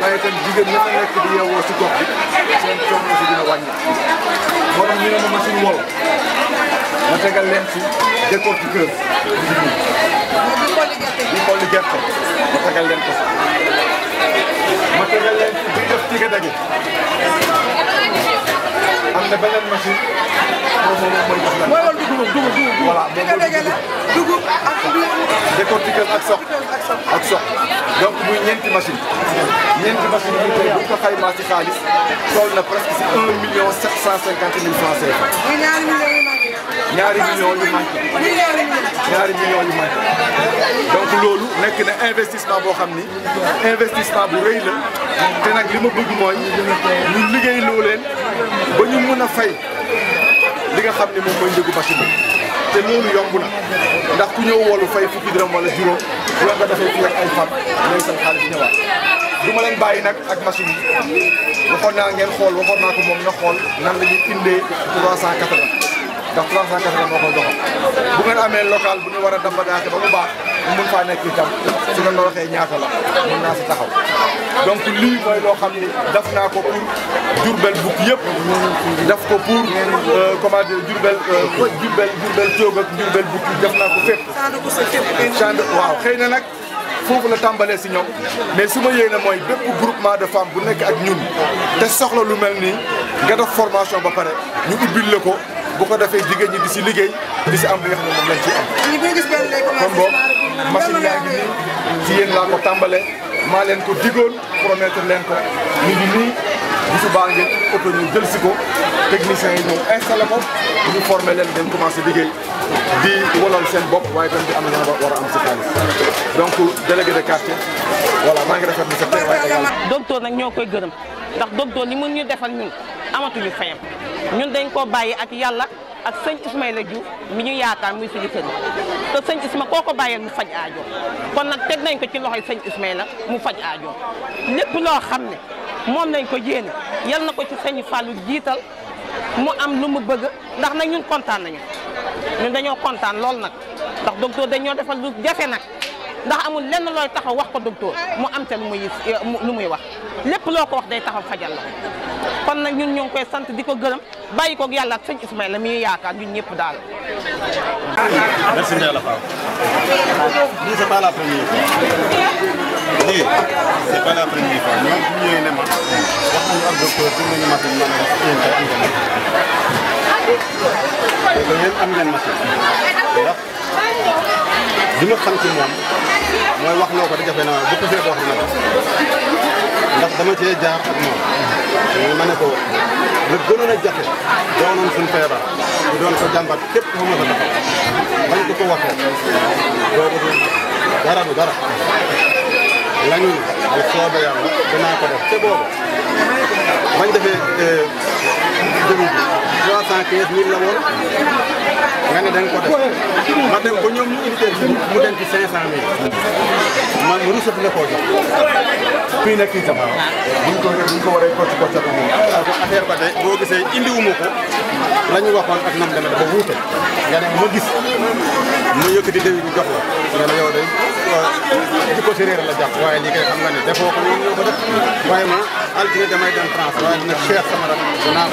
waaye itam jigéen ña fa nekk di yeewoo si gox bi seen coono si dina wàññi moo tax ñu ne ma machine wol ma tegal leen ci décortiqueur di xolli gerte ma tegal leen ko ma tegal leen ci bi def tige dage am na beneen machine moom moom mooy wal dugub dugub dugub. voilà ak décortiqueuse ak soq ak soq donc muy ñeenti machine ñeenti machine yi tey bu ko xaymaa ci xaalis toll na presque ci 1 million 750 mille francs CFA. ñaari millions yu manqué. donc loolu nekk na investissement boo xam ni investissement bu rëy la te nag li ma bëgg mooy ñu liggéey loo leen ba ñu mën a fay. li nga xam ne moom mooy njëgu machine te loolu yomb na ndax ku ñëw wolu fay fukki dërëm wala juróom bu la nga defee fii ak ay fan léegi seen xaalis ñëwaat du ma leen bàyyi nag ak machine yi waxoon naa ngeen xool waxoon naa ko moom na xool nan la ñuy indee 380 ndax 380 moo koy doxal bu ngeen amee local bu ñu war a damba daate ba mu baax mu mun faa nekk itam su ngeen waxee ñaata la mun naa si taxaw donc lii mooy loo xam ni def naa ko pour Diourbel bukk yëpp def ko pour euh, comment dire Diourbel euh, Diourbel Diourbel Thiog ak Diourbel bukk def naa ko fépp chand waaw xëy na nag foofu la tàmbalee si ñoom mais su ma yéene mooy bépp groupement de femmes bu nekk ak ñun te soxla lu mel nii nga def formation ba pare ñu ubbil la ko bu ko defee jigéen ñi di si liggéey di si am li nga xam ne moom lañ ci am kon boobu machine yaa ngi nii laa ko tàmbalee maa leen ko digoon promettre leen ko ñu ngi nii bu subaa ngeen oto ñu si ko techniciens yi ñëw installé ko ñu formé leen ngeen commencé liggéey di walal seen bopp waaye tam di am na war a am si xaalis donc délégué de quartier voilà maa ngi rafetlu sa teewaay docteur nag ñoo koy gërëm ndax docteur li mun ñu defal ñun amatuñu fayam ñun dañ ko bàyyi ak yàlla ak sëñ Ismaïla Diouf mi ñu yaakaar muy suñu sëriñ te sëñ Isma koo ko mu faj aajo kon nag teg nañ ko ci loxoy sëñ Ismaïla mu faj aajo lépp loo xam ne moom lañ ko yéene yal na ko ci sëñ Fallou jiital mu am lu mu bëgg ndax nag kontaan nañu ñun dañoo kontaan lool nag ndax docteur dañoo defal lu jafe nag ndax amul lenn looy taxaw wax ko docteur mu am te lu muy lu muy wax lépp loo ko wax day taxaw fajal la kon nag ñun ñoo koy sant di ko gërëm. bàyyi koog yàlla ak sëñ Ismaïla mi ñuy yaakaar ñun ñëpp daal. merci Ndéla Fall. lii c'est pas la première fois. lii c'est pas la première fois ñoom bu ñëwee ne ma wax nañu ak docteur pour nañu machine ma ne la si yéen am ngeen machine. te yéen am ngeen machine. ndax li ma xam ci moom mooy wax loo ko da jafe na bu ko see wax na la ndax dama cee jaar ak moom. ma ne ko la gënoon a jafe doonoon suñu feebar ñu doon ko jàmbat képp ku ma sa taxaw bañ ko ko waxee boobu du dara du dara la ñu bu soobee yàlla dinaa ko def te boobu bañ defee euh, jëriñ bi trois la woon nga ne da nga ko def ma dem ko ñoom ñu invité mu dem ci cinq cent mille man mu rusat na koo jox fii nag kii sama buñ ko buñ ko waree kocc kocc ak moom affaire ba tey boo gisee indiwuma ko la ñu waxoon ak nam demee dafa wuute nga ne ma gis ma yëkkati déwi bi jox la nga ne yow day ci euh, ko séréer la jàpp waaye lii kay xam nga ne defoo ko ñoom ñoo def waaye ma altine dem France waaye nag Cheikh sama rak moo tax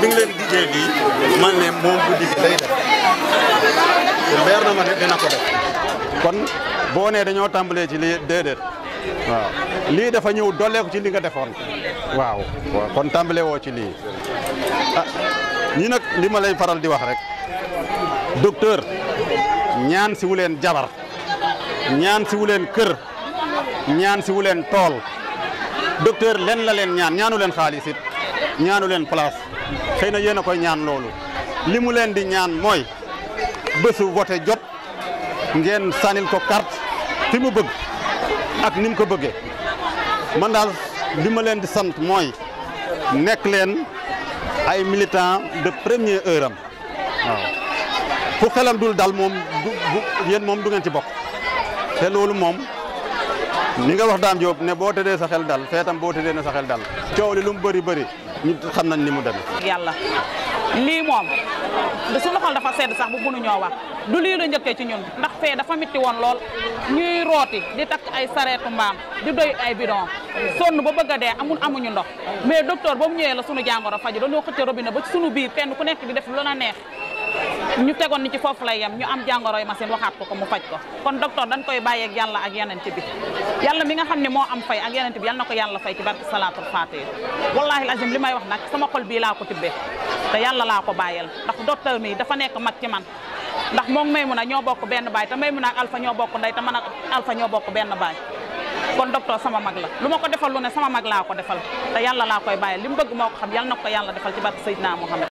bi nga leen dijee lii man ne moom bu digee day def ne dañoo tàmbalee ci lii déedéet lii dafa ñëw dolleeku ci li nga defoon waaw kon tàmbale woo ci lii ah ñi nag li ma lay faral di wax rek docteur ñaan si wu leen jabar ñaan si wu leen kër ñaan si wu leen tool docteur leen la leen ñaan ñaanu leen xaalis it ñaanu leen place xëy na yéen a koy ñaan loolu li mu leen di ñaan mooy bésu vote jot ngeen sànnil ko carte fi mu bëgg ak ni mu ko bëggee man daal li ma leen di sant mooy nekk leen ay militant de première heure am waaw fu xelam dul daal moom du yéen moom du ngeen ci bokk. te loolu moom ni nga wax daam Diop ne boo tëddee saxel xel dal feetam boo tëddee na sa xel dal coow li lu mu bëri bëri ñu xam nañ ni mu demee. yàlla lii moom de suñu xol dafa sedd sax bu mënuñoo wax du lii la njëkkee ci ñun ndax fee dafa mitti woon lool ñuy rooti di takk ay sareetu mbaam di doy ay bidon sonn ba bëgg a dee amuñu ndox mais docteur ba mu ñëwee la sunu jàngoro faju dañoo xëcc robinet ba ci sunu biir kenn ku nekk di def lu la neex. ñu tegoon ni ci foofu lay yem ñu am jàngoroy machine waxaat ko ko mu faj ko kon docteur dañ koy bàyyeeg yàlla ak yeneen ci bi yàlla mi nga xam ne moo am fay ak yeneen ci yàlla na ko yàlla fay ci barke salaatul faatiha wallaahi lazim li may wax nag sama xol bii laa ko tibbee te yàlla laa ko bàyyel ndax docteur mi dafa nekk mag ci man ndax moom may mun a ñoo bokk benn baay te may mun a ak alpha ñoo bokk ndey te man ak alpha ñoo bokk benn baay kon docteur sama mag la lu ma ko defal lu ne sama mag laa ko defal te yàlla laa koy bàyyel li mu bëgg moo ko xam yàlla na ko